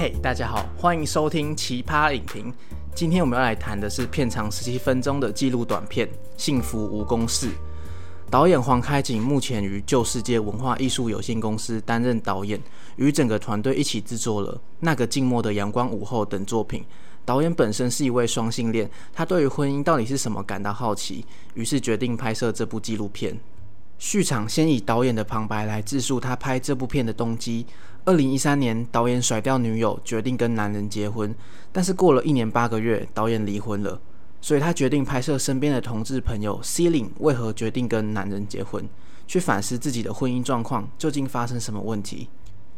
嘿，hey, 大家好，歡迎收聽奇葩影評。今天我們要來談的是片長十七分鐘的紀錄短片《幸福無公式》。導演黃開景目前於舊世界文化藝術有限公司擔任導演，與整個團隊一起制作了《那個靜默的陽光午後》等作品。導演本身是一位雙性戀，他對於婚姻到底是什麼感到好奇，於是決定拍攝這部紀錄片。序場先以導演的旁白來自述他拍這部片的動機。二零一三年，導演甩掉女友，決定跟男人結婚。但是過了一年八個月，導演離婚了，所以他決定拍攝身邊的同志朋友 c l i n g 為何決定跟男人結婚，去反思自己的婚姻狀況究竟發生什麼問題。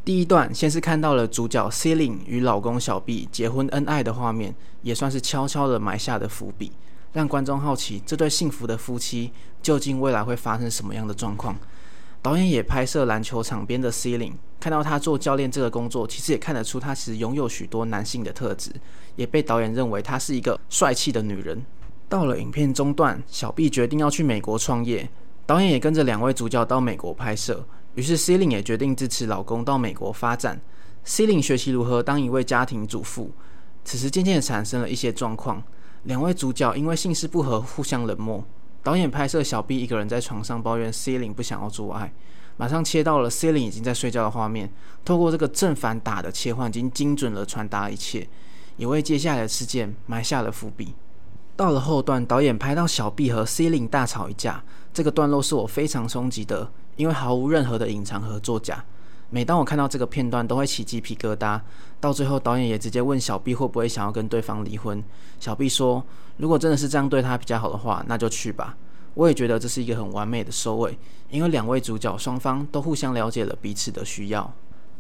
第一段先是看到了主角 c l i n g 與老公小畢結婚恩愛的畫面，也算是悄悄的埋下的伏筆，讓觀眾好奇這對幸福的夫妻究竟未來會發生什麼樣的狀況。導演也拍攝籃球場邊的 c l i n g。看到他做教練這個工作，其實也看得出他其實擁有許多男性的特質，也被導演認為他是一個帥氣的女人。到了影片中段，小 B 決定要去美國創業，導演也跟着兩位主角到美國拍攝，於是 Celine 也決定支持老公到美國發展。Celine 學習如何當一位家庭主婦，此時漸漸產生了一些狀況，兩位主角因為性事不合，互相冷漠。導演拍攝小 B 一個人在床上抱怨 Celine 不想要做愛。馬上切到了 Celine 已經在睡覺的畫面，透過這個正反打的切換，已經精準的傳達一切，也為接下來的事件埋下了伏筆。到了後段，導演拍到小 B 和 Celine 大吵一架，這個段落是我非常衝擊的，因為毫無任何的隱藏和作假。每當我看到這個片段，都會起雞皮疙瘩。到最後，導演也直接問小 B 會不會想要跟對方離婚，小 B 說：“如果真的是這樣對他比較好的話，那就去吧。”我也覺得這是一個很完美的收尾，因為兩位主角雙方都互相了解了彼此的需要。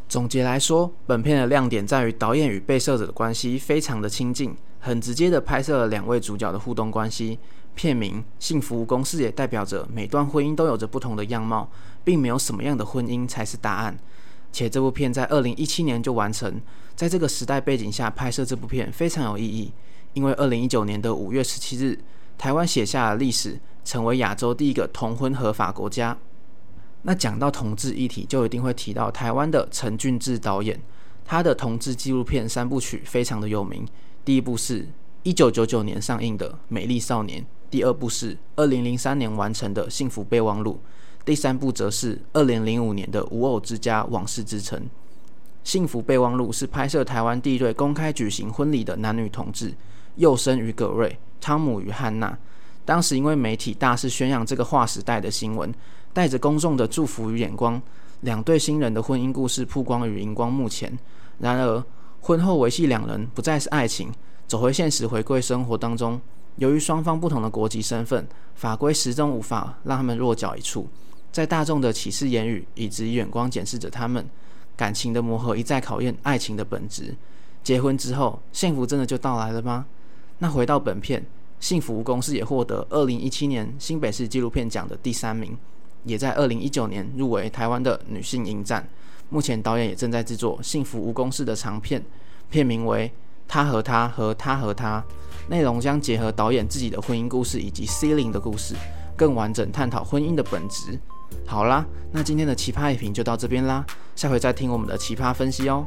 總結來說，本片的亮點在於導演與被攝者的關係非常的親近，很直接的拍攝了兩位主角的互動關係。片名“幸福無公式”也代表着每段婚姻都有着不同的樣貌，並沒有什麼樣的婚姻才是答案。且這部片在二零一七年就完成，在這個時代背景下拍攝這部片非常有意義，因為二零一九年的五月十七日，台灣寫下了歷史。成為亞洲第一個同婚合法國家。那講到同志議題，就一定會提到台灣的陳俊志導演，他的同志紀錄片三部曲非常的有名。第一部是一九九九年上映的《美麗少年》，第二部是二零零三年完成的《幸福備忘錄》，第三部則是二零零五年的《無偶之家往事之城》。《幸福備忘錄》是拍攝台灣第一對公開舉行婚禮的男女同志，佑生與葛瑞，湯姆與漢娜。當時因為媒體大肆宣揚這個劃時代的新聞，帶着公眾的祝福與眼光，兩對新人的婚姻故事曝光於熒光幕前。然而，婚後維繫兩人不再是愛情，走回現實，回歸生活當中。由於雙方不同的國籍身份，法規始終無法讓他們落腳一處。在大眾的歧視言語以及眼光檢視着他們，感情的磨合，一再考驗愛情的本質。結婚之後，幸福真的就到來了嗎？那回到本片。幸福無公式也獲得二零一七年新北市紀錄片獎的第三名，也在二零一九年入圍台灣的女性影展。目前導演也正在制作幸福無公式的長片，片名為《他和他和他和她》，內容將結合導演自己的婚姻故事以及 Celine 的故事，更完整探討婚姻的本質。好啦，那今天的奇葩影評就到這邊啦，下回再聽我們的奇葩分析哦。